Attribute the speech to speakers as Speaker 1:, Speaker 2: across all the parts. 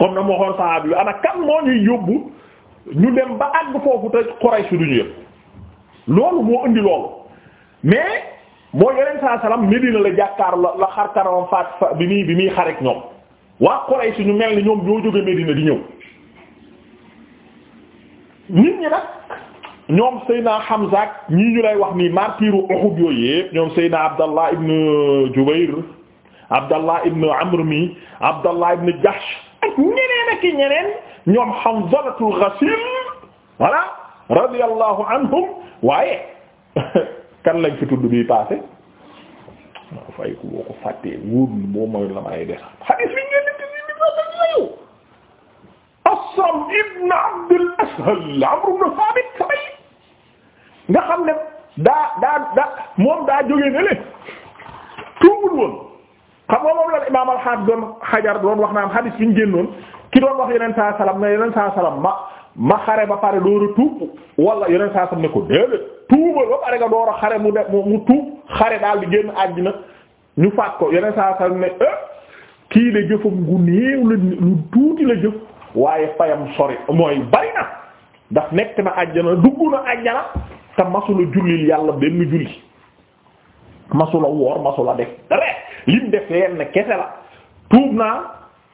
Speaker 1: kon na moo xoon sahaaba bi ana kan moo ñuy yóbbu ñu dem ba àgg foofu te Quraysh duñu yëpp loolu moo indi loolu mais moo yeneen saa salaam Medina la jàkkaar la la xar kanamam faat bi muy bi muy xareek ñoom waa Quraysh ñu mel ni ñoom ñoo jóge Medina di ñëw nit ñi nag ñoom Seyna Hamza ak ñii ñu lay wax nii martiru Uhud yooyu yépp ñoom Seyna Abdallah ibn Jubayr Abdallah ibn Amr Abdallah ibn Jahsh ak ñeneen ak ñeneen ñoom Hanzalatul Ghasil voilà radiyallahu anhum waaye kan lañ fi tudd bii passé waaw fay ku boo ko fàttee wóorul boo mooy la may des hadith bi ngeen di gis nii dafa ibn Abd al-Ashhal Amr ibn Thabit sabay nga xam ne daa daa daa moom daa jógee xam nga moom la imaam al-Hafiz doon xajar doon wax naan xadiis bi ñu génnoon ki doon wax yeneen saa salaam ne yeneen saa salaam ma ma xare ba pare door a tuub wala yeneen saa salaam ne ko déedéet tuubal ba pare nga door a xare mu def mu tuub xare daal di génn àddina ñu faat ko yeneen saa salaam ne eh, kii la jëfam gu néew la lu tuuti la jëf waaye fayam sori mooy bari na ndax nekk na àjjana dugg na àjjana te masula jullil yàlla benn julli masula woor masula lim def leen kese la tuub naa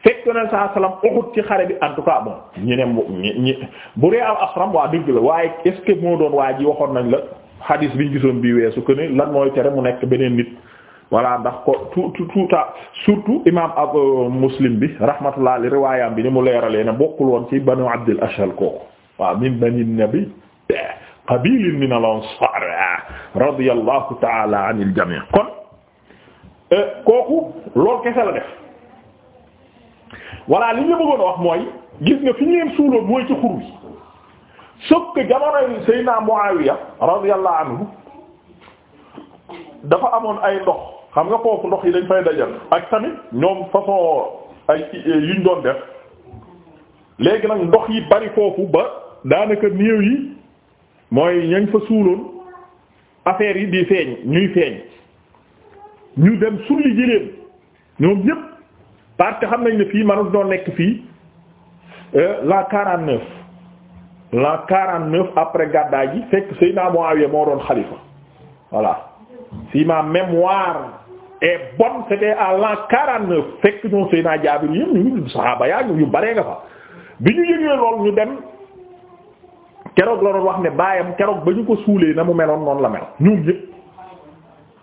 Speaker 1: fekk na saa salaam Uhud ci xare bi en tout cas bon ñu ne ñi bu dee al asram waa dëgg la waaye est moo doon waa ji waxoon nañ la hadis biñ gisoon bi weesu que ni lan mooy tere mu nekk beneen nit. voilà ndax ko tout tout surtout imaam ab euh, muslim bi rahmatullah alayhi riwaayam bi ni mu leeralee ne bokkul woon ci banu Abdul Ashhal kooku waa min bani nabi qabilin min al ansar radiyallahu ta'ala anil Euh, kooku loolu kese la def voilà li ñu bëggoon wax mooy gis nga fi ñu leen suuloon mooy ci xur wi sauf que jamonoy Seydina Muawiya radiyallahu anhu dafa amoon ay ndox xam nga foofu ndox yi dañ fay dajal ak tamit ñoom façon ay yuñ doon def léegi nag ndox yi bari foofu ba daanaka néew yi mooy ñañ fa suuloon affaire yi di feeñ ñuy feeñ ñu dem sulli jëleen ñoom ñépp parce que xam nañ ne fii manut doon nekk fii euh, la quarante neuf la quarante neuf après gàddaay gi fekk Seydina Muawiya moo doon xalifa voilà si ma mémoire est bonne c'était à l'an quarante neuf fekk ñoom Seydina Jaabir yëpp ñu saxaaba yaa ñu baree nga fa bi ñu yëgee lool ñu dem keroog la doon wax ne baayam keroog ba ñu ko suulee na mu meloon noonu la mel ñoom ñépp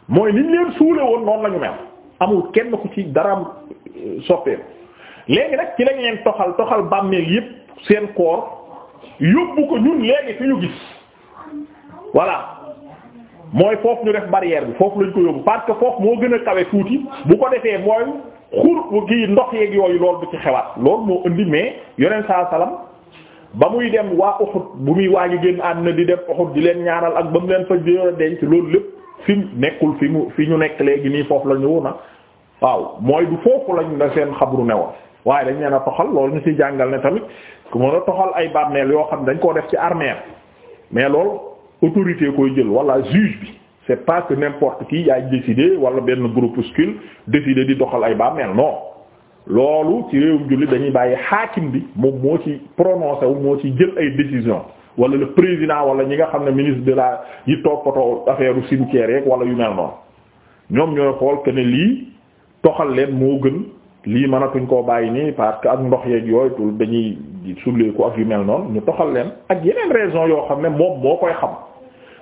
Speaker 1: mooy niñ leen suule woon noonu lañu mel amul kenn ku ci daraam euh, soppeeku léegi nag ci lañ leen toxal toxal bàmmeel yépp seen koor yóbbu ko ñun léegi fi ñu gis voilà mooy foofu ñu def barrière bi foofu lañ ko yóbbu parce que foofu moo gën a kawe tuuti bu ko defee mooy xur gi ndox yeeg yooyu lool bu ci xewaat loolu moo indi mais yoneen saa salam ba muy dem waa Uhud bu muy waa ngi génn na di def Uhud di leen ñaanal ak ba mu leen fa jëloon denc loolu lépp. fi nekkul fi mu fi ñu nekk léegi nii foofu la ñu woon waaw mooy du foofu lañ la seen xabru ne woon waaye dañ leen toxal loolu ñu ci jàngal ne tamit ku mën a toxal ay bàmmeel yoo xam ne dañ koo def ci armeel mais loolu autorité koy jël wala juge bi c'est pas que n'importe qui yaay décider wala benn groupuscule décider di toxal ay bàmmeel non loolu ci réewum jullit dañuy bàyyi xaakim bi moom moo ci prononcé wu moo ci jël ay décision wala le président wala ñi nga xam ne ministre de la yi toppatoo affaire u cimetière yeeg wala yu mel noonu ñoom ñooy xool que lii toxal leen moo gën lii mënatuñ koo bàyyi nii parce que ak ndox yeeg yooyu dañuy sulleeku ak yu mel noonu ñu toxal leen ak yeneen raison yoo xam ne moom moo koy xam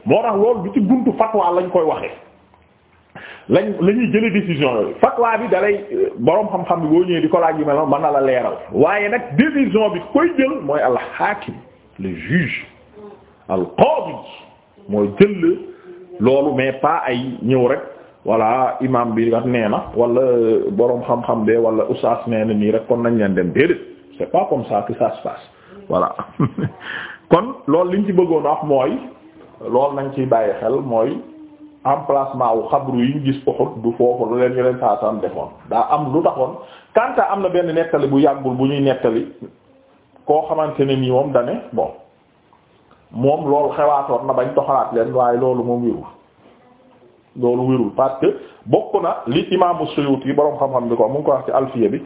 Speaker 1: moo tax loolu du ci buntu fatwa lañ koy waxee lañ la ñuy jëlee décision yooyu fatwa bi dalay euh, boroom xam-xam boo ñëwee di ko laaj yu mel noonu mën na la leeral waaye nag décision bi koy le juge al qadi mooy jël loolu mais pas ay ñëw rek voilà imam bi kat nee na wala boroom xam-xam de wala oustaz nee na nii rek kon nañ leen dem déedéet c'est pas comme ça que ça se passe voilà kon loolu liñ ci bëggoon wax mooy lool nañ ciy bàyyi xel mooy emplacement wu xabru yi ñu gis Uhud du foofu leen yeneen saa sam defoon daa am lu taxoon quant am na benn nettali bu yàggul bu ñuy nettali koo xamante ne nii moom dane bon moom loolu xewaatoon na bañ toxalaat leen waaye loolu moom wérul loolu wérul parce bokk na li imaamu Suyuti yi boroom xam-xam bi ko mu ko wax ci alfie bi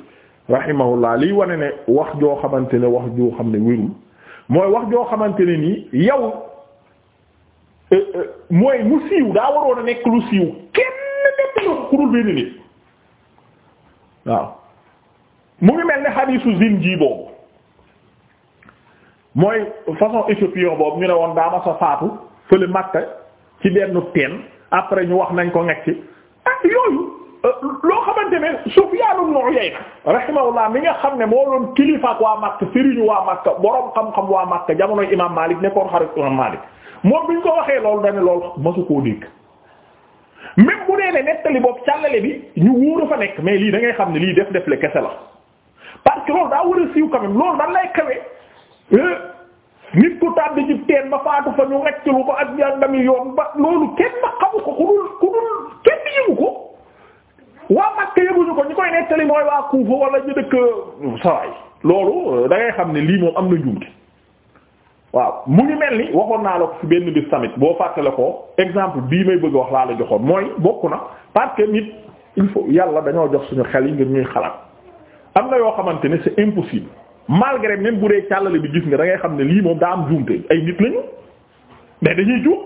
Speaker 1: rahimahullah liy wane ne wax joo xamante ne wax joo xam ne wérul mooy wax joo xamante ne nii yow eh, eh, mooy mu siiw daa waroon a nekk lu siiw kenn nekk ku dul benn nit waaw mu ngi mel ne xadiisu zine boobu mooy façon éthiopion boobu ñu ne woon daa ma sa faatu fële Makka ci benn ten après ñu wax nañ ko nekk ci ah yooyu euh, loo xamante ne Sufyaan ibn Uyayna rahimahullah mi nga xam ne moo doon kilifaak waa Makka sëriñu waa Makka boroom xam-xam waa Makka jamonoy imaam Maalik nekkoon xarit imaam Maalik moom bi ñu ko waxee loolu dañu lool masu koo dégg même bu nee nettali boobu càllale bi ñu wóor fa nekk mais lii da ngay xam ne lii def def le kese la parce a Eh? nit ku tàbbi ci teen ba faatu fa ñu wecc ko ak yàndami yoon ba loolu kenn ba xamu ko ku dul ku dul kenn yëgu ko waa Makka yëguñu ko ñu koy nettali mooy waa Kufa wala ñu dëkk sawaay loolu eh, da ngay xam ne lii moom am na njuumte waaw mu ngi mel ni waxoon naa la ko fi benn bis tamit boo fàttale ko exemple bii may bëgg wax laa la joxoon mooy bokk na parce que nit il faut yàlla dañoo jox suñu xel yi ngir ñuy xalaat am na yoo xamante ne c'est impossible malgré même bu dee càllale bi gis nga da xam ne lii moom daa am juumte ay nit lañu mais dañuy juum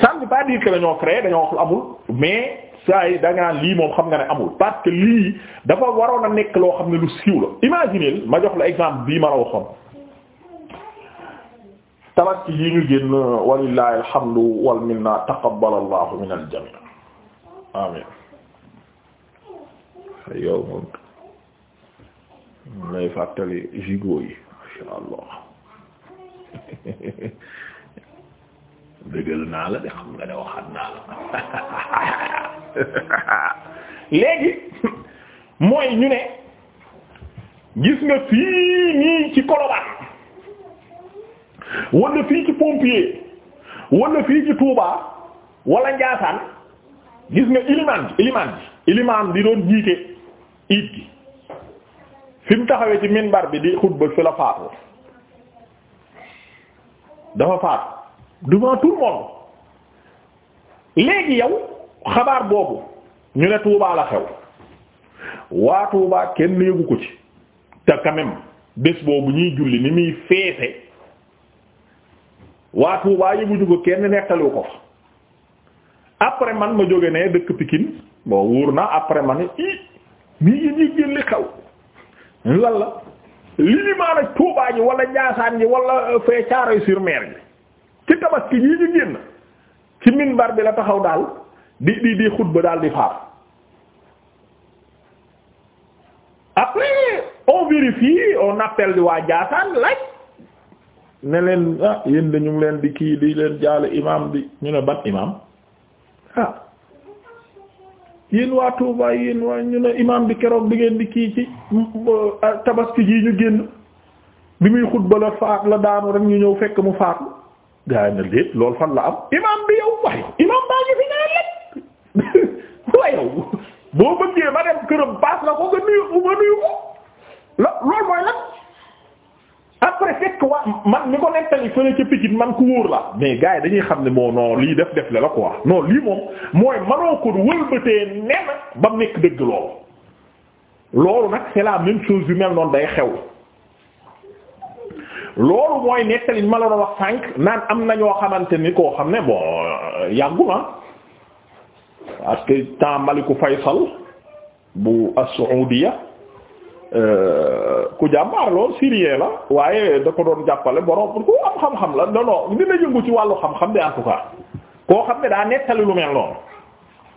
Speaker 1: ça ne veut pas dire que dañoo dañoo wax lu amul mais saa yi da naan lii moom xam nga ne amul parce que lii dafa waroon a nekk loo xam ne lu siiw la imaginez ma jox la exemple bii ma la waxoon tabaski yi ñu génn walillahi alhamdu wal minna taqabbalallahu minal jami' amin yow moom lay fàttali jigo yi masha allah dëggal naa la de xam nga ne waxaat naa la léegi mooy ñu ne gis nga fii nii ci Colobane wala fii ci pompier wala fii ci Touba wala Ndiassane gis nga ilimaan ilimaan di doon jiite it gi fi taxawee ci bar bi di xutba fi la faatu dafa faatu devant tout léegi yow xabaar boobu ñu ne Touba la xew waa Touba kenn yëgu ko ci te quand même bés boobu ñuy julli ni muy feese waa Touba yëguñu ko kenn nekkaliwu ko fa après man ma jóge ne dëkk Pikine bon wóor na après man i mii yén yëg-yén xew lan la liimaan ak Tuubaa ji wala Njaasaan ji wala euh, fee thiaroye sur ji ci tabaski yi ñu génn ci minbar bi la taxaw daal di di di xutba daal di faar après on vérifie on appelle di waa Njaasaan laaj ne leen ah yéen dañu leen di kii di leen jaale imam bi ñu ne ban imam ah yéen waa Touba yéen waa ñu ne imaam bi keroog bi ngeen di kii ci euh, tabaski ji ñu génn bi muy xutba la faat la daanu rek ñu ñëw fekk mu faatu gaa yi na lépp loolu fan la am imaam bi yow waaye imaam baa ngi fi naan lépp waaye yow boo bëggee ba dem këram baas la ko nga nuyu nga nuyu ko la fekk waa man mi ko nettali fële ca Pikine man ku wóor la mais gars yi dañuy xam ne moo non lii def def la ko quoi non lii moom mooy manoo ko wëlbatee nen ba mu nekk dëgg loolu loolu nag c'est la chose yu mel noonu day xew loolu mooy nettali ma la wax sànq naan am na ñoo xamante ni koo xam ne boo euh, yàggu na parce que temps Malick Faysal bu as ku jàmbaar lool syrien la waaye da ko doon jàppale borom ku am xam-xam la non dina yëngu ci wàllu xam-xam de en koo xam ne daa nettali lu mel noonu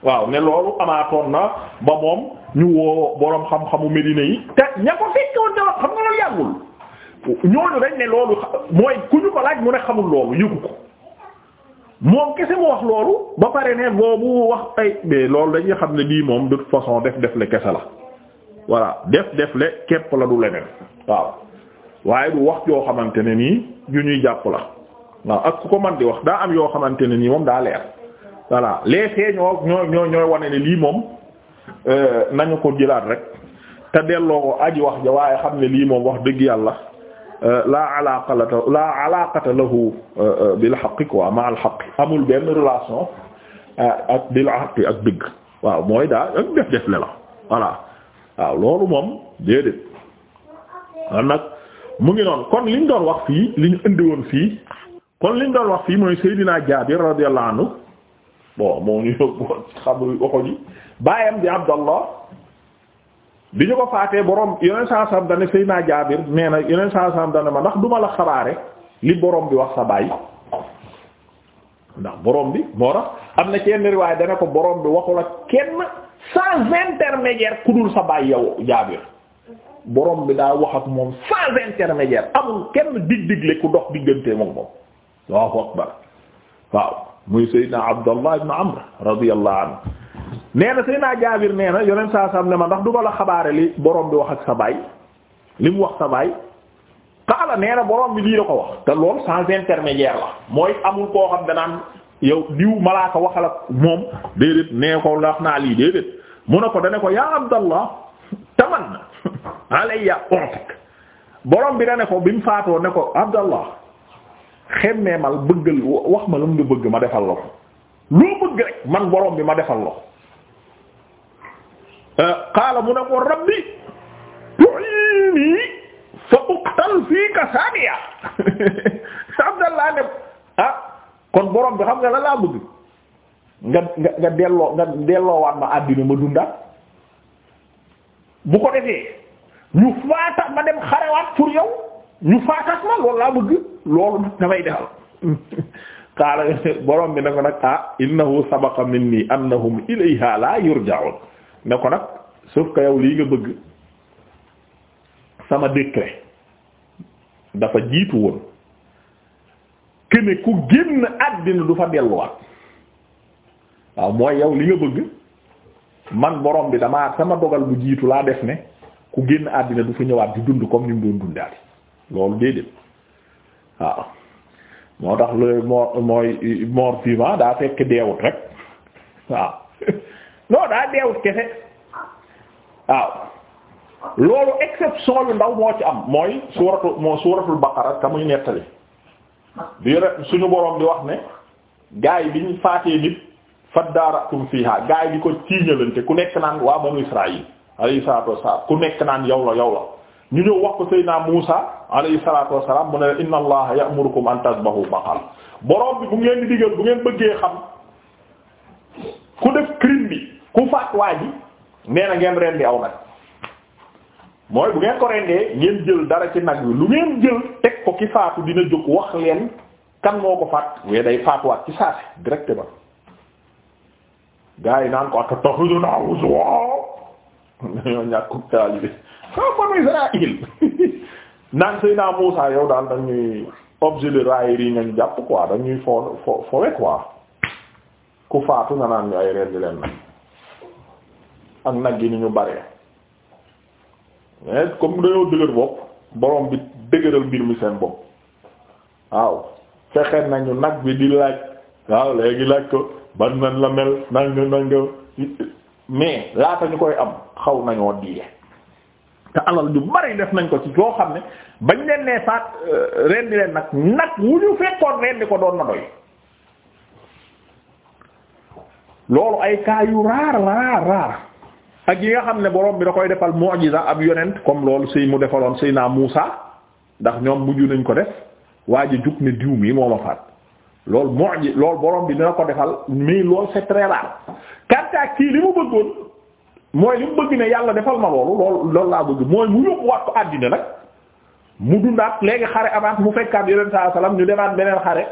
Speaker 1: waaw ne loolu amaatoon na ba moom ñu woo borom xam-xamu Medina yi te ña ko fekkoon da xam nga loolu yàggul ñooñu dañ ne loolu mooy ku ñu ko laaj mu ne xamul loolu yëgu ko moom kese mu wax loolu ba pare ne boobu wax ay loolu dañuy xam ne lii moom de toute façon def def le kese la. voilà def def le la du leneen waaw waaye du wax yoo xamante ne nii ju ñuy jàpp la waaw ak ku ko man di wax daa am yoo xamante ne nii moom daa leer voilà les faits ñoo ñoo ñooy wane ne lii moom euh, nañu ko jëlaat rek te delloo ko aji wax ja waaye xam ne lii moom wax dëgg yàlla laa euh, la laa alaqata lahu euh, bil haqqi quoi ma al haqqi amul benn relation ak bil haqqi ak dëgg waaw mooy daa ak def def la voilà waaw loolu moom déedéet nag mu ngi noonu kon liñ doon wax fii li ñu indi fii kon liñ doon wax fii mooy Seydina Jaabir radiyallahu anhu bon moo ñu yóbbu xamu waxo ji baayam di Abdallah bi ñu ko faatee boroom yeneen saa saam dana Seydina Jaabir nee na yeneen saa saam dana ma ndax duma la xabaare li borom bi wax sa bàyyi ndax borom bi moo tax am na kenn riwaay dana ko borom bi waxu la kenn. sans intermédiaire ku dul sa baay yow Jaabir borom bi daa wax ak moom sans intermédiaire amul kenn dig-digle ku dox diggante moom moom Allahu akbar waaw muy Seydina Abdallah ibn Amr radiyallahu anhu nee na Seydina Jaabir nee na yoneen saa sam ne ma ndax du ma la xabaare li borom bi wax ak sa baay li mu wax sa baay qaala nee na borom bi lii da ko wax te loolu sans intermédiaire la mooy amul koo xam danaan yow diw malaaka waxal ak moom déedéet nee ko wax naa lii déedéet mu ne ko dane ko yaa abdallah taman alayya ontak borom bi dane ko bi mu faatoo ne ko abdallah xemmee mal bëggal wax ma lu mu bëgg ma defal la ko loo bëgg rek man borom bi ma defal la ko euh, qaala mu ne ko rabbi tu'ini fa uqtal fii ka saaniya abdallah ne ah kon boroom bi xam nga la laa bëgg nga nga nga delloo nga delloowaat ma àddina ma dundaat bu ko defee ñu faata ma dem xarewaat pour yow ñu faataat ma loolu laa bëgg loolu damay defal qaala borom bi ne ko nag ah innahu sabaqa minni annahum ilayha la yurja'un ne ko nag sauf que yow lii nga bëgg sama décret dafa jiitu woon ne ku génn àddina du fa delluwaat waaw mooy yow li nga bëgg man borom bi damaa sama dogal bu jiitu laa def ne ku génn àddina du fa ñëwaat di dund comme ni mu doon dundaat loolu déedéet waaw moo tax loolu moo mooy mort vivant daa fekk deewut rek waaw non daa deewut kese waaw loolu exception yu ndaw moo ci am mooy suuratu moo suuratul baqara ka muy nettali bi suñu borom di wax ne gaay yi bi ñu faatee nit faddaaratum fiha gaay yi ko tiiñalante ku nekk naan waa banu Israayil alayhi salaatu wassalaam ku nekk naan yow la yow la ñu ñëw wax ko Seydina Muusa alayhi salaatu wassalaam mu ne inna allaha ya'murukum an tasbahu baqara borom bi bu ngeen di digal bu ngeen bëggee xam ku def crime bi ku faat waa ji nee na ngeen rendi aw nag mooy bu ngeen ko rendee ngeen jël dara ci nag wi lu ngeen jël teg ko ki faatu dina jóg wax leen kan moo ko faat we day faatuwaat ci saasi directement gaa yi naan ko ak taxiduna huzwa naan sëy naa Muusaa yow daal dañuy objet de raillerie yi ngañ jàpp quoi dañuy fo fo fowe quoi ku faatu nga naan ñu ay rendi leen nag ak nag yi ni ñu bare mais eh, comme dañoo dëgër bopp borom bi dëgëral mbir mi seen bopp waaw fexe nañu nag bi di laaj waaw léegi laaj ko ban nan la mel nan nga nan nga mais ñu koy am xaw nañoo diye te alal ju bari def nañ ko ci loo xam ne bañ leen nee euh, faat rendi leen nag nag wu ñu fekkoon rendi ko doon na doy loolu ay cas yu raar raar raar ak yi nga xam ne boroom bi da koy defal sax ab yonent comme loolu sëy mu defaloon sëy naa Muusa ndax ñoom mujj nañ ko def waa ji jug ne diw mi moo ma faat loolu mu'jiza loolu borom bi dina ko defal mais loolu c'est très rare kàttaak kii li mu bëggoon mooy li mu bëgg ne yàlla defal ma loolu loolu laa bëgg mooy mu yóbbuwaat ko àddina nag mu dundaat léegi xare amaat mu fekkaat yonent saa salaam ñu demaat beneen xare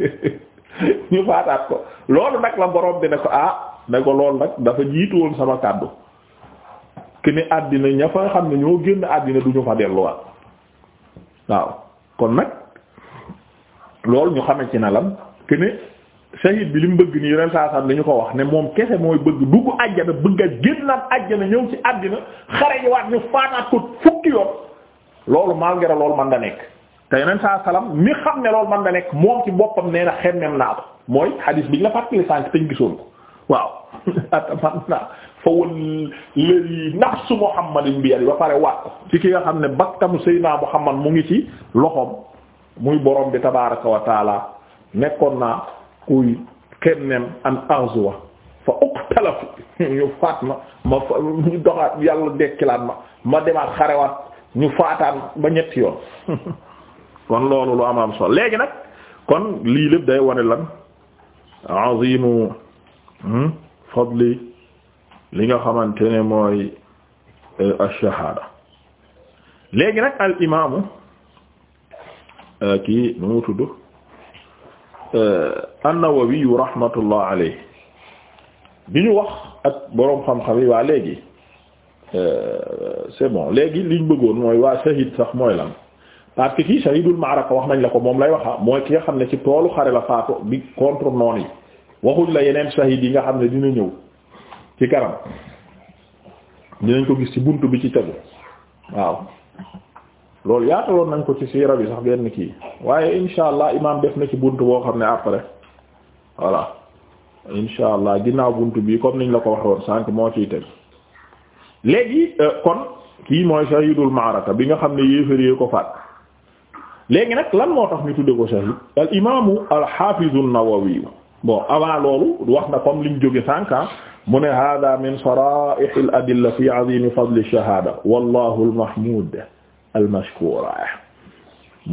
Speaker 1: ñu faataat ko loolu nag la borom ko ah. ne ko lool nag dafa jiitu woon sama kàddu ki ni àddina ña fa xam ne ñoo génn àddina du ñu fa delluwaat waaw kon nag loolu ñu xame ci na lan ki bi li mu bëgg nii ren saa dañu ko wax ne moom kese mooy bëgg dugg àjjana bëgg a génnaat ñëw ci àddina xare yi waat ñu faataat ko fukki yoon loolu nekk te yeneen saa salaam mi xam ne loolu man da nekk moom ci boppam nee na xemmem naa ko mooy hadis bi ñu la fàttali sànq te ñu gisoon ko waaw atamanna fa walladi nafsu muhammadin bi yadi ba pare waat ko ci ki nga xam ne bakkanu Seydina Muhammad mu ngi ci loxoom muy borom bi tabaaraka wa nekkoon naa kuy kennem an arzuwa fa uqtalafu ñu faat ma ma doxaat yàlla dekkilaat ma ma demaat xarewaat ñu faataan ba ñetti yoon kon loolu lu am am léegi nag kon lii lépp day wone lan azimu Hmm? fadli li li nga xamante ne mooy euh, ash-shahaada léegi nag al imaamu euh, kii nu mu tudd euh, an-Nawawi rahmatullah alayhi bi ñu wax ak boroom xam-xam yi waa léegi c'est bon léegi liñ bëggoon mooy waa shahid sax mooy lan parce que kii shahidul wax nañ la ko moom lay waxa ah, mooy ki nga xam ne ci toolu xare la faatu bi contre noon yi waxuñ la yeneen shahid yi nga xam ne dina ñëw ci kanam dinañ ko gis ci bunt bi ci tegu waaw loolu yaataloon nañ ko ci siira bi sax benn kii waaye insha allah imaam def na ci bunt boo xam ne après voilà insha allah ginnaaw bunt bi comme niñ la ko woon sànq moo ciy teg léegi euh, kon kii mooy shahidul maaraka bi nga xam ne yéeféer ko faat léegi nag lan moo tax mu tudde ko shahid al imaamu al xaafizu an bon avant loolu wax na comme liñ jóge sànka ah, mu ne hada min saraih al adilla fi azimi fadli ash wallahu al mahmud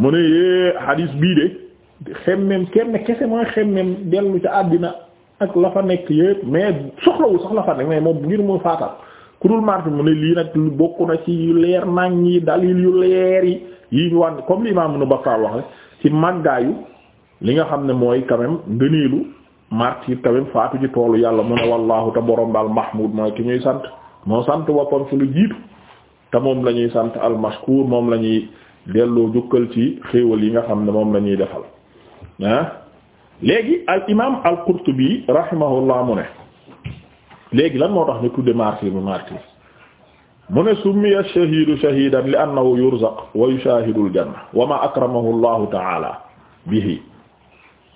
Speaker 1: mu ne yee hadith bii de xemmem kenn kese mooy xemmem dellu ca àddina ak la fa nekk yëpp mais soxlawul sax fa nekk mais moom ngir mu faatal ku dul marti mu ne lii nag lu bokk na ci yu leer nañ yi dalil yu leer yi yi ñu wan comme li imam Ibn Battal wax ci màggaayu li nga xam ne mooy quand ngëneelu martyr tamit faatu ci toolu yàlla mu ne wallaahu te borom daal mahmud mooy ki ñuy sant moo sant boppam ci lu jiitu te moom la ñuy sant almashkur moom la ñuy delloo jukkal ci xéewal yi nga xam ne moom la ñuy defal ah léegi al imaam al qurtubi rahimahullah mu ne léegi lan moo tax ñu tudde martyr bi martyr mu ne summiya shahidu shahidan li annahu yurzaq wa yushahidu al janna wa ma akramahu allahu ta'ala bihi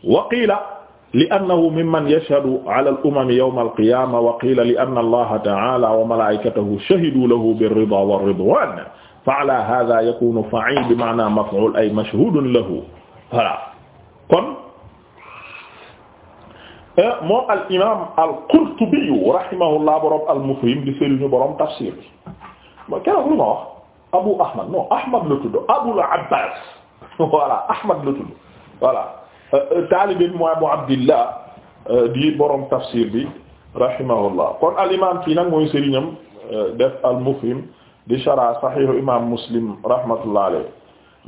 Speaker 1: wa qila li annahu mimman yashhadu ala al-umami yawma al-qiyama wa qila li anna allaha ta'ala wa malaikatahu shahidu lahu bir-rida war-ridwan fa ala hadha yakunu fa'il bi ma'na maf'ul ay mashhudun lahu voilà kon euh, moom al-imam al-Qurtubi rahimahullah borom al-Mufhim di sëriñu borom tafsir bi ma keroog lu ma wax Abu Ahmad non Ahmad la tudd Abul Abbas voilà Ahmad la tudd voilà Euh, taalibin mu Abu Abdillah euh, di borom tafsir bi rahimahullah kon al imaam fii nag mooy sëriñam euh, def al mufhim di shara saxiixu imaam muslim rahmatullah alayhi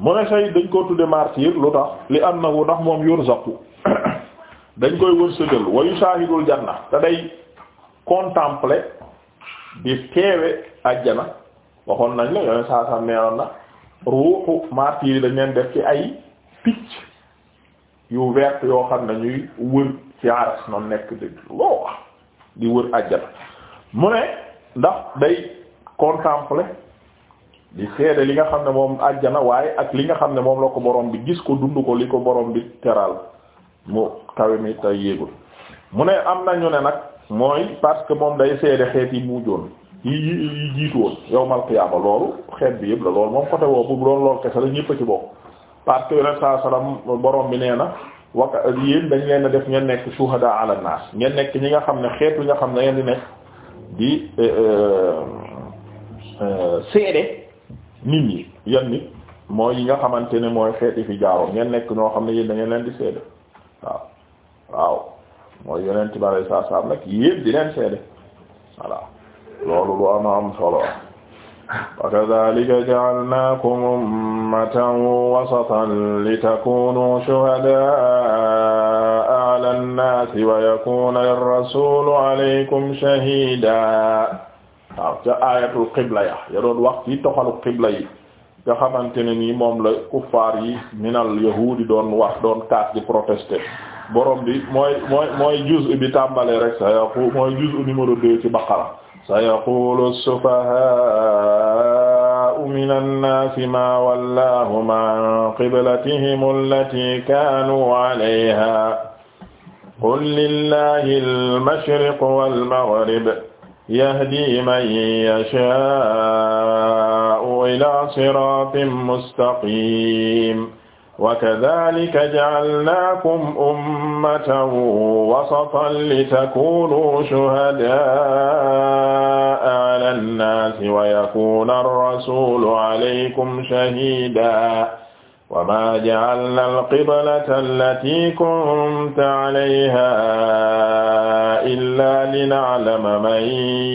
Speaker 1: mu ne say dañ ko tudde martyr lu tax li wu ndax moom yurzaqu dañ koy wërsëgal wa yushahidul janna te day contempler di teewe ajjana waxoon nañ la yooyu saa saa neewoon na ruuxu martyr yi dañ leen def ci ay picc yu vert yoo xam ne ñuy wër ci noonu nekk dëgg loo wax di wër àjjana mu ne ndax day contempler di seede li nga xam ne moom àjjana waaye ak li nga xam ne moom la ko boroom bi gis ko dund ko li ko borom bi teral mu kawe mi tey yéegul mu ne am na ñu ne nag mooy parce que moom day seede xeet yi mujjoon yi yi yi jiitu woon yawmal qiyaama loolu xeet bi yëpp la loolu moom côté woo bu doon lool kese la ñëpp a ci bokk parce que yonent saa salaam borom bi nee na wak yéen dañ leen a def ngeen nekk shuhada ala nas ngeen nekk ñi nga xam ne xeetu nga xam ne ngeen di nekk di euh, euh, euh, seede nit ñi yan nit mooy yi nga xamante ne mooy xeeti fi jaaroon ngeen nekk ñoo xam ne yéen da ngeen leen di seede waaw waaw mooy yonent bi alay saa salaam nag yéen di leen seede voilà loolu lu am am solo wa kadhalika ja'alnakum ummatan wasatan litakunu shuhada'a 'ala an-nasi wa yakuna ar-rasulu 'alaykum shahida waaw ca aayatul qibla ya ya doon wax ci toxalu qibla yi nga xamante ne nii moom la kuffaar yi minal yahuudi doon wax doon kaas di protester borom bi mooy mooy mooy juz bi tàmbalee rek sa yaqu mooy juz numéro deux ci baqara sayaqulu sufahaa'u mina nnaasi maa wallaahum an qiblatihim allatii kaanuu alayhaa qul lillaahi al-mashriqu wal-maghrib yahdii man yashaa'u ilaa siraatin mustaqiim wakadhalika ja'alnakum ummatan wasatan litakunu shuhada'a 'ala an-nasi wa yakuna ar-rasulu 'alaykum shahida wama ja'alna al-qiblata allati kunta 'alayha illa lina'lama man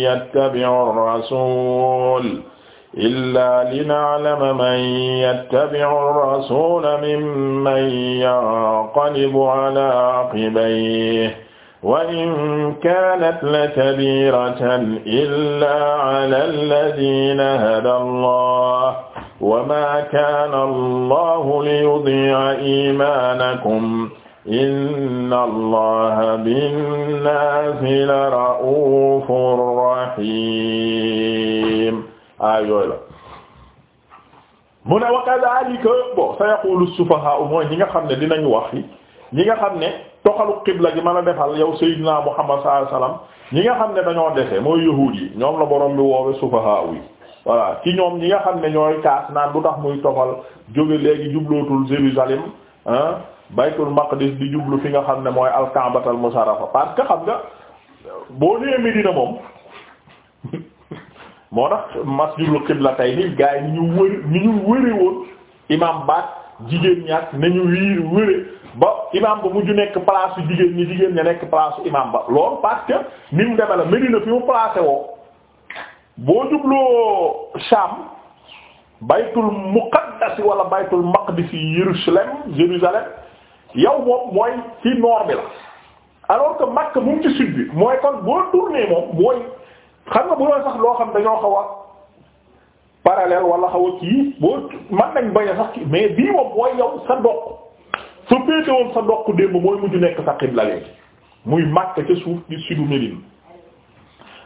Speaker 1: yattabi'u ar-rasul illaa lina'lama man yattabi'u ar-rasuula mimman yanqalibu 'alaa 'aqibayhi wa in kaanat lakabiiratan illaa 'alaa allaziina hadaa Allaah wa maa kaana Allaahu liyudii'a iimaanakum inna Allaaha bin-naasi la ra'uufun rahiim aay yooyu la mu ne wa kadhalika bon sa yaqulu sufaha mooy ñi nga xam ne dinañ wax yi ñi nga xam ne toxalu xibla gi mën a defal yow sayyidina muhammad sallallahu alayhi ñi nga xam ne dañoo dese mooy yahuud yi ñoom la borom bi woowe sufaha yi voilà ci ñoom ñi nga xam ne ñooy kaas naan du tax muy toxal jóge léegi jublootul Jérusalem ah baytul maqdis di jublu fi nga xam ne mooy alkaabatal musarafa parce que xam nga boo nee Medina moom moo tax masjidul qiblatayni gaa yi ni ñu wëri ni ñu wëri woon imam baat jigéen ñaat nañu wiir wëre ba imam ba mujj nekk place yu jigéen ñi jigéen ña nekk place imam ba loolu parce que ni mu deme la Medina fi mu placé woo boo jubloo Sham baytul muqaddas wala baytul maqdis Yerusalem Jérusalem yow moom mooy ci nord bi la alors que Makka mu ngi ci mooy kon boo tourné moom mooy xam nga bu doon sax loo xam dañoo xaw a parallèle wala xaw a kii boo man nañ bañ sax mais bii moom mooy yow sa doq sa féete sa doq démb mooy mujj nekk sa xibla léegi muy màkk ca suuf di sudu Médine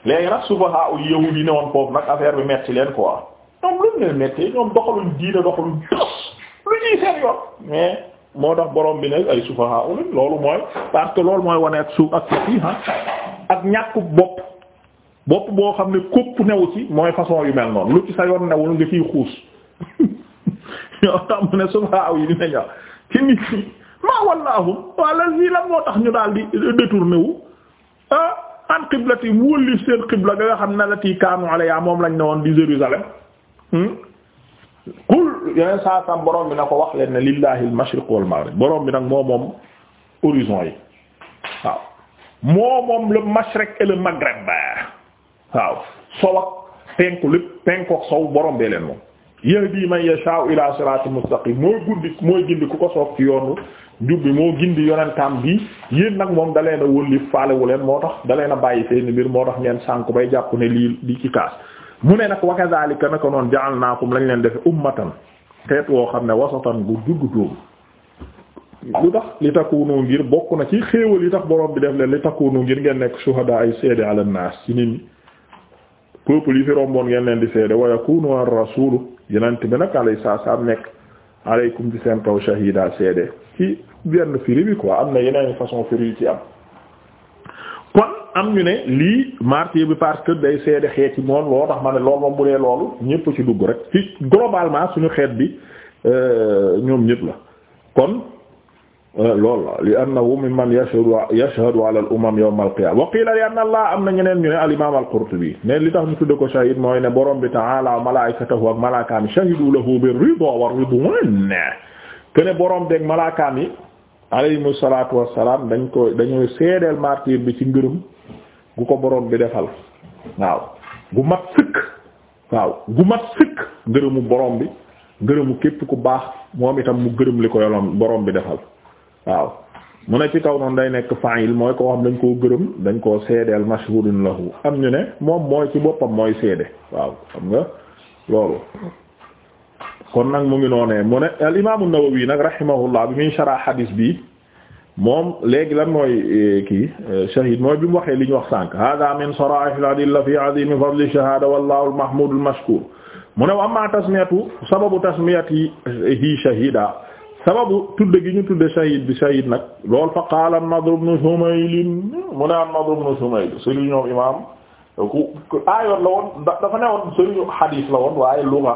Speaker 1: léegi nag sufaha ul yahudi ne woon foofu nag affaire bi metti leen quoi ñoom luñ leen metti ñoom doxaluñ diina doxaluñ lu ñuy seen yoon mais moo tax borom bi ne ay sufaha ul loolu mooy parce que loolu mooy wane ak suuf ak sa fii ah ak ñàkk bopp boo xam ne kopp newu ci mooy façon yu mel noonu lu ci sa yoon newul nga ciy xuus ñoo tax mu ne suba aw yi dina ñor ci nit ñi maa wallaahum waa la lii lan moo tax ñu daal di détourné wu ah an qiblati wólli seen qibla nga xam ne lati kaanu alayha moom lañ ne woon di Jérusalem kul hmm? yeneen saa sam borom bi na ko wax leen ne lillahi al-mashriq wal bi nag moo moom horizon yi waaw moo moom le mashriq et maghreb waaw sow ak penku lépp penkook sow borom bee leen moom yahdi man yasha'u ila siratin mustaqim mooy gundi mooy gindi ku ko soof ci yoonu njub bi moo gindi yonentam bi yéen nag moom da na a li faalewu leen moo tax dalee na a bàyyi seen mbir moo tax ngeen sànku bay jàpp ne lii di ci kaas mu ne nag wa kadhalika naka noonu ja'alnakum lañ leen defe ummatan xeet woo xam ne wasatan bu juddu dóomu lu tax li takunu ngir bokk na ci xeew yi tax borom bi def leen li takunu nekk shuhada ay seede ala nas ci nit ñi peuple yi fi romboon ngeen leen di seede wa yakunu ar-rasulu yenent bi nag alay saa saa nekk aleykum ci seen kaw shahida seede ci benn firi bi quoi am na yeneen façon firi ci am kon am ñu ne lii martyr bi parce que day seede xeet yi moom loo tax ma ne loolu moom bu dee loolu ñëpp ci dugg rek ci globalement suñu xeet bi euh, ñoom ñëpp la kon Eh, loolu la li annahu mimman yashhadu yashhadu ala al umam yawm al qiyama wa qila li anna allah am na ñeneen ñu ne al imam al qurtubi ne li tax ñu tudde ko shahid mooy ne borom bi ta'ala malaikatahu ak malaakaami shahidu lahu bir ridwa war ridwan kene borom deg malaakaami alayhimu salaatu wassalaam dañ ko dañuy seedeel martyr bi ci ngërëm gu ko borom bi defal waaw gu mat sëkk waaw gu mat sëkk ngërëmu borom bi ngërëmu képp ku baax moom itam mu gërëm li ko borom bi defal waaw mu ne ci kaw noonu day nekk fa'il mooy koo xam dañ koo gërëm dañ koo seedeel mashhurun lahu am ñu ne moom mooy ci boppam mooy seede waaw xam nga loolu kon nag mu ngi noonee mu ne al imaamu Nawawi nag rahimahullah bi muy shara hadis bi moom léegi lan mooy e, kii e, shahid mooy bi mu waxee li ñu wax sànq hada min sara'ihil adilla fi azimi fadli shahada wallahu al mahmud al mashkur mu ne wa amma tasmiyatu sababu tasmiyati hi shahida sababu tudde gi ñu tudde shahid bi nag lool fa qaala Nadr ibn Shumayl mu ne am Nadr ibn Shumayl sëriñ ñoom waaye luga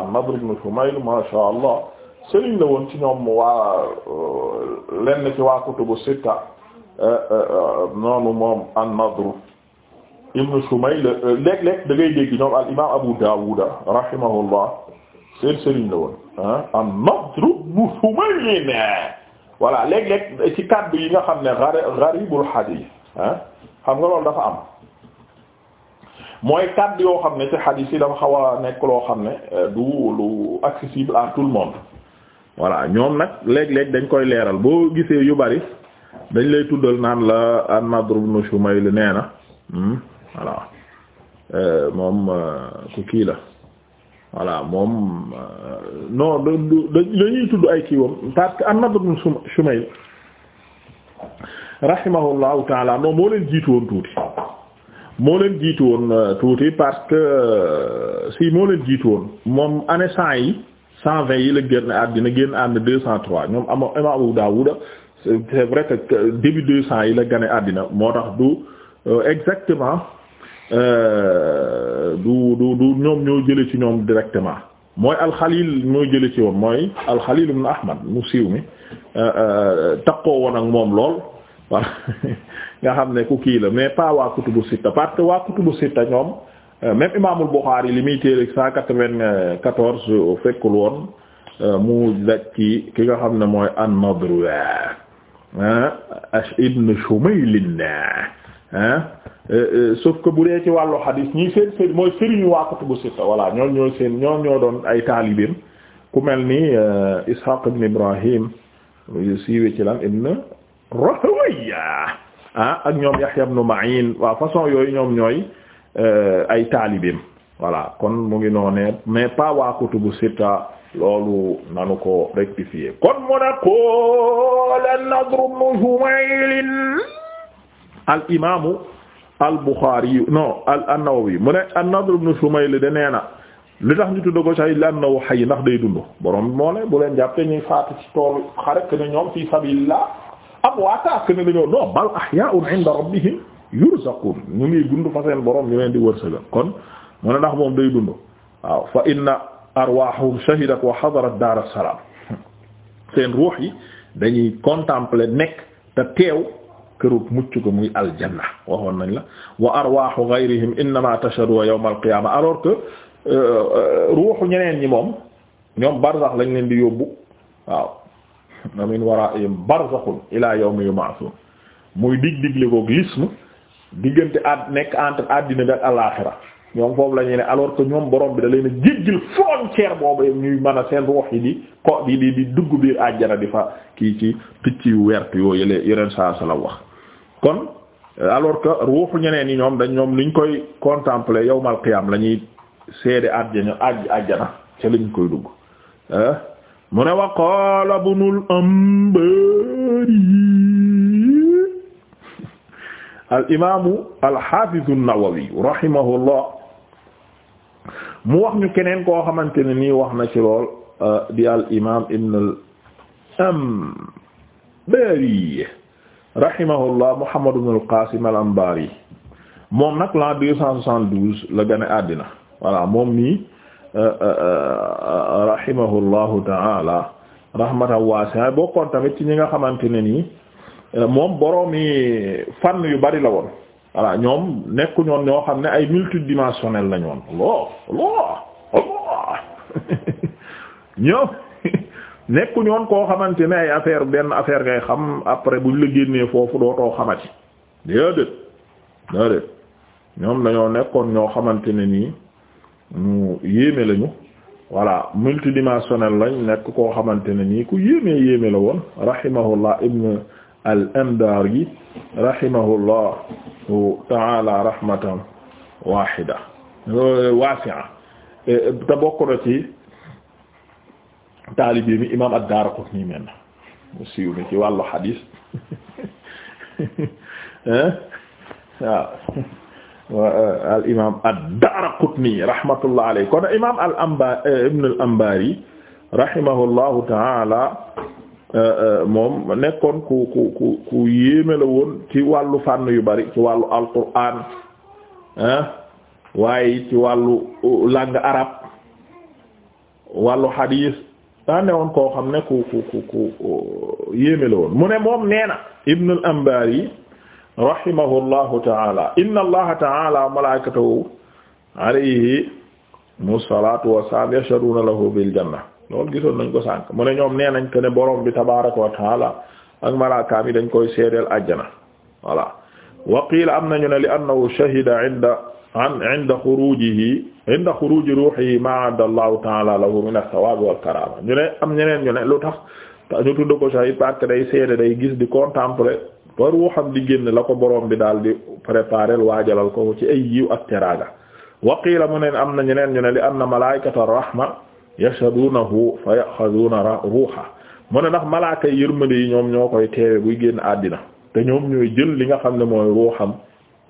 Speaker 1: am Nadr ibn Shumayl ma sha Allah sëriñ ci ñoom waa euh, lenn ci waa kutubu sitta euh, euh, noonu Nadr ibn Shumayl léeg-léeg da ngay dégg al imam Abu Dawud rahimahullah seen sëriñ la woon ah am nadru bu Humayn voilà léeg-léeg ci kaddu yi nga xam ne gharibul hadith ah xam nga loolu dafa am mooy kaddu yoo xam ne ci hadith yi dafa xaw a nekk loo xam ne euh, du lu accessible à tout le monde voilà ñoom nag léeg-léeg dañ koy leeral boo gisee yu bari dañ lay tuddal naan la an nadru ibn Shumayl nee na hmm, voilà euh, moom euh, ku kii la voilà moom euh, non da dañuy tudd ay kiiwam parce que an-Nadr ibn Shumayl rahimahullahu taala non moo leen jiitu woon tuuti moo leen jiitu woon euh, tuuti parce que euh, si moo leen jiitu woon moom année cent yi cent vingt yi la génn àddina génn àddina deux cent trois ñoom ama imam Abu Dawud c'est vrai que début deux cent yi la gane àddina moo tax du exactement Euh, du du du ñoom ñoo jële ci ñoom directement mooy alxalil mooy jële ci woon mooy alxalil ibn ahmad mu siiw mi euh, euh, takkoo woon ak moom lool voilà nga xam ne ku kii la mais pas waa kutubu sitta parce que waa kutubu sitta ñoom même imaamul Bukhari li muy téere cent quatre-vingt-quatorze fekkul woon mu daj ci ki nga xam ne mooy an-Nadr ah ibn Shumayl ah sauf que bu dee ci wàllu xadis ñii seen sëriñ mooy sëriñu waa kutubu sitta voilà ñoom ñooy seen ñoom ñoo doon ay taalibeem ku mel ni euh, Ishaq ibn Ibrahim siiwe ci ibn Rahawayh ak ñoom Yahya ibn Ma'in waaw façon yooyu ñoom ñooy euh, ay taalibeem voilà kon mu ngi noonee mais pas waa kutubu sitta loolu nanu ko rectifier kon mu ne qaala Nadr ibn Shumayl al imaamu al Bukhari non al an-Nawawi mu ne an-Nadr ibn Shumayl de nee na li tax ñu tudd ko shahid lan nawu xay ndax day dund borom moo ne bu leen jàppee ñuy faatu ci toolu xare que ne ñoom fi sabilillah amwaata que ne dañoo non bal ahya'un 'inda rabbihim yurzaqun ñu ngi dund fa seen borom ñu leen di wërsëgal kon mu ne ndax moom day dund waaw fa inna arwaahum shahidat wa hadarat dar as-salaam seen ruux yi dañuy contempler nekk te teew. kërug mucc ko muy aljanna waxoon nañ la wa arwahu ghayrihim innama tashhadu yawm al-qiyamah alors que euh, euh, ruuxu ñeneen ñi moom ñoom barzax lañ leen di yóbbu waaw wa min wara'ihim barzakhun ila yawmi yub'athun muy dig digle goog lism diggante at nekk entre àddina bi ak alaaxira ñoom foofu la ñuy ne alors que ñoom borom bi da leen a jéggil frontière boobu ñuy mën a seen ruux yi di ko di di di dugg biir àjjana di fa kii ci picc yu wert yoo yële yeneen saa sa wax. kon alors que ruuxu ñeneen ñi ñoom dañ ñoom liñ koy contempler yawmal qiyam la ñuy seede àjjana àjjana ca lañ koy dugg eh? mu ne wa qaala bunul ambari al imaamu al hafiz an-Nawawi rahimahullah mu wax ñu keneen koo xamante ne nii wax na ci lool euh, di al imaam ibn al Anbari rahimahullah Muhammad ibn al Qasim al Anbari moom nag la deux cent soixante-douze la gane àddina voilà moom nii euh, euh, rahimahullahu ta'ala rahmatan wasi'a bokkoon tamit ci ñi nga xamante ne nii moom boroomi fànn yu bari la woon voilà ñoom nekku ñoon ñoo xam ne ay multidimensionnel la ñoon lo lo lo ñoom nekku ñoon koo xamante ne ay affaire benn affaire ngay xam après buñ la génnee foofu dootoo xamati déedéet déedéet ñoom dañoo nekkoon ñoo xamante ne nii ñu yéeme lañu voilà multidimensionnel lañ nekk koo xamante ne nii ku yéeme yéeme la woon rahimahullah ibn al-Andaari rahimahullahu ta'ala rahmatan waahida waasi'a te bokk na ci taalibe mi imaam ad-Daaraqutni men mu siiw mi ci wàllu xadiis eh? waaw eh, al imaam ad-Daaraqutni rahmatullahi alayhi kon imaam al-Anba eh, ibn al-Anbaari rahimahullahu ta'ala Euh, euh, moom nekkoon ku ku ku ku yéeme la woon ci wàllu fànn yu bari ci wàllu alquran ah waaye ci wàllu langue arabe wàllu hadith daa newoon koo xam ne ku ku ku ku la woon mu ne moom nee Ibn al-Anbari rahimahullahu ta'ala inna allaha ta'ala wa malaikatahu alayhi mu salaatu wa salaam yashhaduna lahu bil janna loolu gisoon nañ ko sànk mu ne ñoom nee nañ ko ne borom bi tabaaraka wa taala ak malaakaam yi dañ koy seedeel àjjana voilà wa qiila am nañu ne li annahu shahida inda an inda xurujihi inda xuruji ruuhihi ma adda allahu taala lahu min as-sawaabi wal karaama ñu ne am ñeneen ñu lu tax ñu tudd ko shahid day seede day gis di contempler ba ruuxam di génn la ko borom bi daal di préparer waajalal ko ci ay yiw ak teraanga wa qiila am na ñeneen ñu ne li anna malaa'ikata rahma yashhadunahu fa yaxaduuna ruuxa mu ne ndax malaakay yi yërmande yi ñoom ñoo koy teewe buy génn àddina te ñoom ñooy jël li nga xam ne mooy ruuxam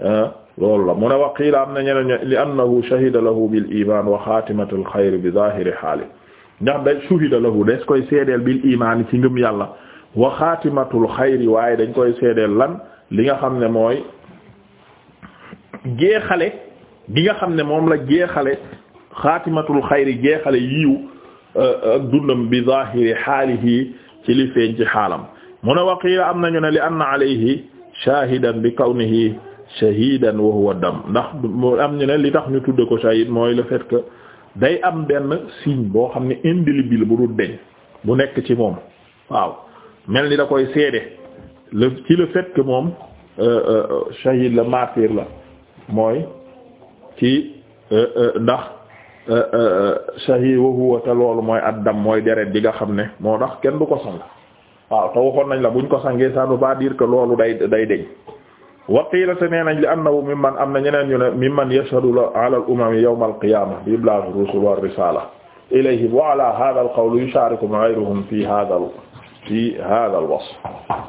Speaker 1: ah, loolu la mu ne wa am na ñeneen li annahu shahida lahu bil iman wa xaatimatul xayri bi zahiri xaali ndax day shahida lahu des koy seedeel bil imaan ci ngëm yàlla wa xaatimatul xayri waaye dañ koy seedeel lan li nga xam ne mooy jeexale gi nga xam ne moom la jeexale xaatimatul xayri jeexale yiiw euh, euh, ak dundam bi zahiri xaalihi ci li feeñ ci xaalam mu ne waqiila am nañu ne li anna alayhi shahidan bi kawnihi shahidan wa huwa dam ndax am ñu ne li tax ñu tudde ko shahid mooy le fait que day am benn signe boo xam ne indélébile bu dul deñ bu nekk ci moom waaw mel ni da koy seede le ci le fait que moom euh, shahid la martyr la mooy ci ndax Euh, euh, euh, shahi wa huwa te loolu mooy addam mooy deret bi nga xam ne moo tax kenn du ko sang waaw te waxoon nañ la buñ ko sangee ça ne veut pas dire que loolu day day deñ waqiila te nee nañ li annahu mimman am na ñeneen ñu ne mimman yashhadu ala al umam yawm al qiyamah bi iblagh rusul wa risala ilayhim wa ala hadha al qawl yushariku ghayruhum fi hadha fi hadha al wasf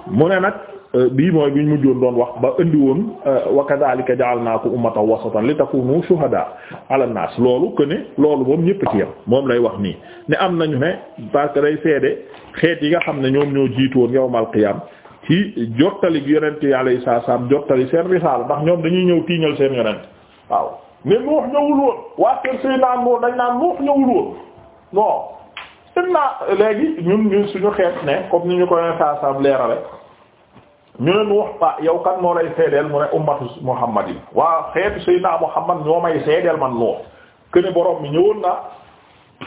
Speaker 1: mu ne nag Euh, bii mooy bi ñu mujjoon doon wax ba indi woon euh, wa naa ko ummatan wasatan li takunu shuhadaa ala naas loolu que ne loolu moom ñépp ci yam moom lay wax nii ne am nañu ne parce que day seede xeet yi nga xam ne ñoom ñoo jiitoon yawmal qiyaam ci jottali yonent yi alayhi salaam jottali seen risaala ndax ñoom dañuy ñëw tiiñal seen yonent waaw ne Nuux ñëwul woon waa kër Seydina Nuux dañ naan Nuux ñëwul woon non. seen naa ñun ñun suñu xeet ne comme ni ko yonent ñu ne Nuux ah yow kan moo lay seedeel mu ne ummatu Muhammadin waa xeetu Seydina Muhammad ñoo may seedeel man Nuux këne borom bi ñëwoon na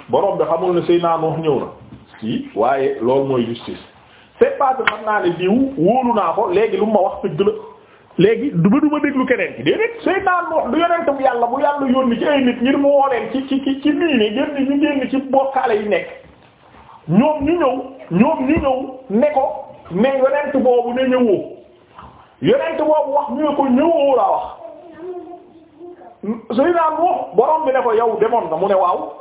Speaker 1: borom bi xamul ne Seydina Nuux ñëw na si waaye loolu mooy justice c'est pas que xam naa diw wóolu naa ko léegi lu ma wax dëgg la léegi du ba du ma déglu keneen ki déedéet Seydina Nuux du yonentam yàlla bu yàlla yónni ci ay nit ngir mu woo ci ci ci nii ne génn ñu génn ci bokkaale yi nekk ñoom ñu ñëw ñoom ñu ñëw ne ko. ne yonent boobu ne ñëwoo yonent boobu wax ñu ne ko ñëwoo laa wax suy Nuux borom bi ne ko yow demoon na mu ne waaw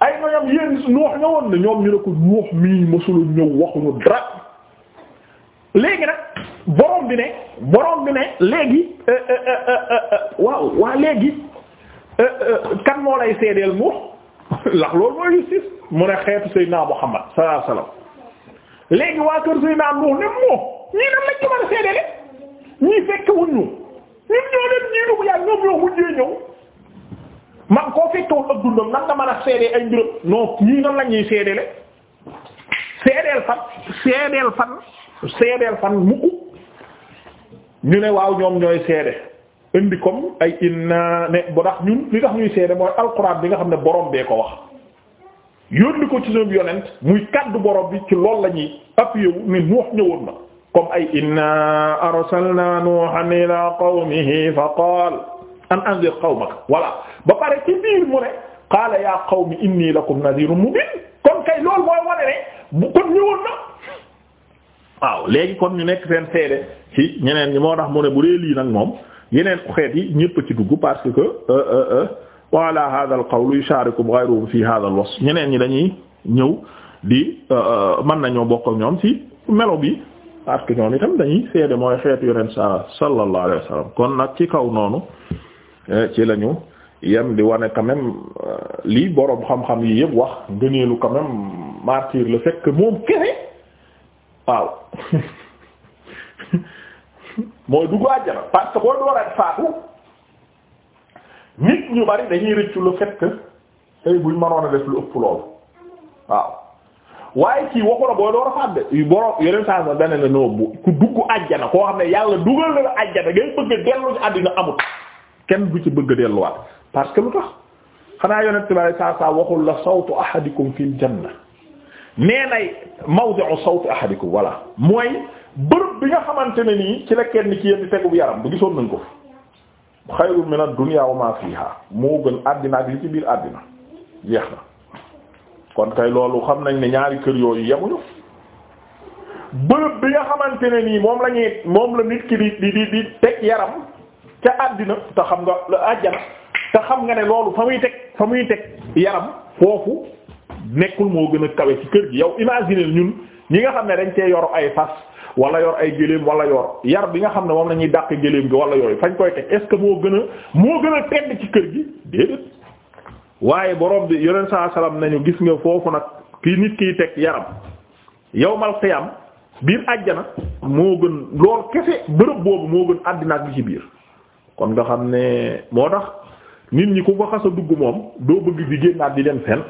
Speaker 1: ay ñoñam yéen Nuux ñëwoon na ñoom ñu ne ko Nuux mii mësula ñëw waxuñu dara léegi nag borom bi ne borom bi ne léegi euh, euh, euh, waaw waa léegi kan moo lay seedeel Nuux ndax loolu mooy justice mu ne xeetu Seydina Muhammad sallallahu alayhi wasallam léegi waa kër Seydina Nuux ne moo ñii nam lañ ko mën a seedele ñii fekke wuñu ñoo leen ñiiru bu yàgg ñoom ñoo mujjee ñëw man koo fekkewul ak dundam nan nga a seede ay mbiram non ñii nan la ñuy seedele seedeel fan seedeel fan seedeel fan mukku ñu ne waaw ñoom ñooy seede indi comme ay inna ne ba tax ñun li tax ñuy seede mooy alxuraan bi nga xam ne borom bee ko wax yónni ko ci suñu yonent muy kaddu borom bi ci loolu la ñuy appuyé wu ne Nuux ñëwoon na comme ay inna arsalna nuuhan ila qawmihi fa qaal an anzir qawmaka voilà ba pare ci biir mu ne qaala ya qawmi inni lakum nadhirun mubin kon na waaw léegi kon ñu nekk seen seede ci ñeneen ñi moo tax mu ne bu dee lii nag moom yeneen xeet yi ñépp ci dugg parce que euh, euh, euh, wa ala hadha al qawl yusharikum ghayruhum fi hadha al wasf ñeneen ñi dañuy ñëw di euh, euh, mën nañoo bokk ñoom ci melo bi parce que ñoom itam dañuy seede mooy xeetu yonent sa sallallahu alayhi wa kon nag ci kaw noonu euh, ci lañu yem di wane quand lii boroom xam-xam yi yëpp wax ngëneelu quand même martyr le moom kese waaw mooy dugg àjjana parce que boo doon faatu. nit ñu bari dañuy rëccu le fait que ay buñ a def lu ëpp lool waaw waaye ci waxu la booy door a fàtte borom yeneen saa yi beneen la bu ku dugg àjjana koo xam ne yàlla dugal na la àjjana ngay bëgg dellu ci àddina amut kenn bu ci bëgg a delluwaat parce que lu tax xanaa yonent bi alayhi saa saa waxul la sawtu ahadikum fil janna nee nay mawdi'u sawtu ahadikum voilà mooy bërëb bi nga xamante ne nii ci la kenn ci yéen di tegu yaram bu gisoon nañ ko. xayrun min ad-dunya wa ma fiha moo gën àddina ak li ci biir àddina jeex na kon kay loolu xam nañ ne ñaari kër yooyu yemuñu bërëb bi nga xamante ne nii moom la ñuy moom la nit ki di di di di teg yaram ca àddina te xam nga àjjana te xam nga ne loolu fa muy teg fa muy teg yaram foofu nekkul moo gën a kawe ci kër gi yow imaginer ñun ñi nga xam ne dañ cee yoru ay fas wala yor ay gëléem walla yor yar bi nga xam ne moom la ñuy dàq gëléem gi wala yooyu fañ koy teg est-ce que moo gën a moo gën a tedd ci kër gi déedéet waaye borom bi yoneen saa salaam nañu gis nga foofu nag kii nit kiy teg yaram yawmal qiyam biir àjjana moo gën lool kese bërëb boobu moo gën àddina ak li ci biir kon nga xam ne moo tax nit ñi ku ko xas a dugg moom doo bëgg di génnaat di dem fen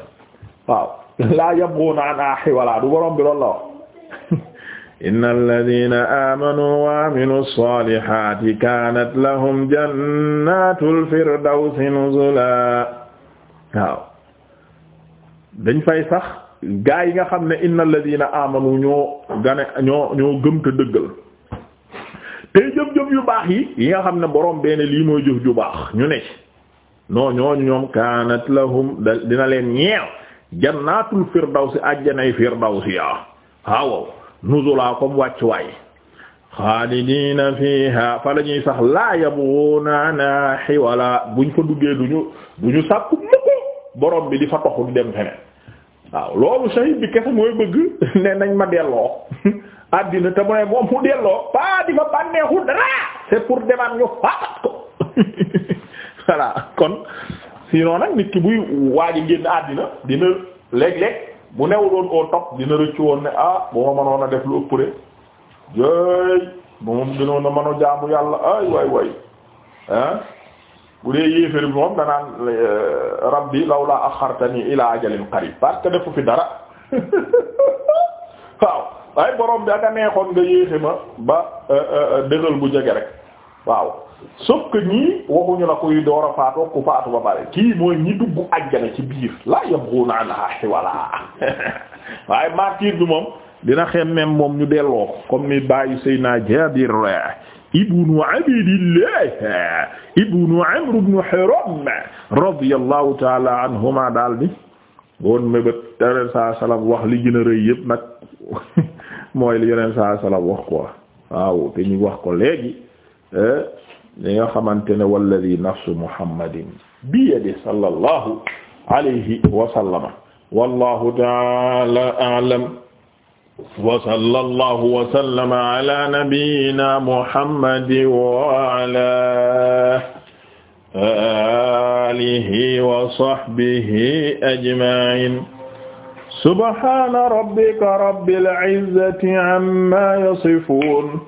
Speaker 1: waaw laa yabghuuna an aahi wala du borom bi loolu la wax inna alladina aamanu wa amilu salihati kanat lahum jannatul firdawsi nuzula waaw dañ fay sax gaa yi nga xam ne inna alladina aamanu ñoo gane ñoo gëm te dëggal tey jëf-jëf yu baax yi yi nga xam ne borom benn lii mooy jëf ju baax ñu ne non ñooñu ñoom kanat lahum dina leen ñeel jannatul firdawsi ajjanay firdawsi ya waaw nuzulaa comme wàccuwaay xaalidiina fiiha fa la ñuy sax laa yabghuuna anhaa hiwala buñ fa duggee duñu duñu sàkku mukk borom bi di fa toxu dem feneen waaw loolu shahid bi kese mooy bëgg ne nañ ma delloo àddina te mu ne moom mu delloo pas di fa bànneexu dara c'est pour demaat ñu waaj a génn àddina dina léeg-léeg bu newul woon au top dina rëccu woon ne ah bu ma mënoon a def lu ëpp de jëy bu gënoon a mën a jaamu yàlla ay way way ah bu dee yéeféer bi moom danaan eh, rabbi lawlaa axartani ilaa ajalin qarib parce que defu fi dara waaw ay borom bi aka neexoon nga yéexe ma ba eh, eh, dëgal bu jege rek waaw sauf que ñii waxuñu la kuy door a ku faatu ba pare kii mooy ñi dugg ajjana ci biir laa yabghuna anha hiwala waaye martyr bi moom dina xem même moom ñu delloo ko comme ni bàyyi naa Jaabir ibnu Abdillah ibnu Amr ibnu Hiram radiyallahu ta'ala anhuma daal bi woon mébét yeneen saa salaam wax li gën a rëy yëpp nag mooy li yeneen saa salaam wax quoi waaw te ñu wax ko léegi li nga xamante ne walladi nafsu muhammadin biyadi sallallahu alayhi wa sallama wallahu ta'ala a'lam wa sallallahu wa sallama ala nabiyyina muhammadin wa ala alihi wa sahbihi ajma'in subhana rabbika rabbil izzati amma yasifun